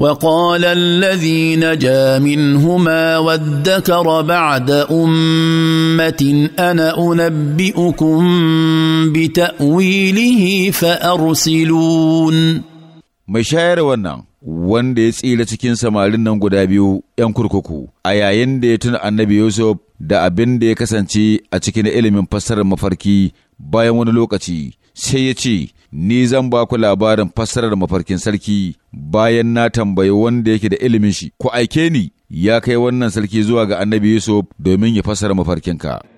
وقال الذي نجا منهما وادكر بعد أمة أنا أنبئكم بتأويله فأرسلون mai shayar wannan wanda ya tsira cikin samarin nan guda biyu 'yan kurkuku a yayin da ya tuna annabi yusuf da abin da ya kasance a cikin ilimin fassarar mafarki bayan wani lokaci sai ya ce, Ni zan ba ku labarin fassarar mafarkin sarki bayan na tambayi wanda yake da ilimin shi, ku aike ni ya kai wannan sarki zuwa ga annabi Yusuf domin ya fassara mafarkinka.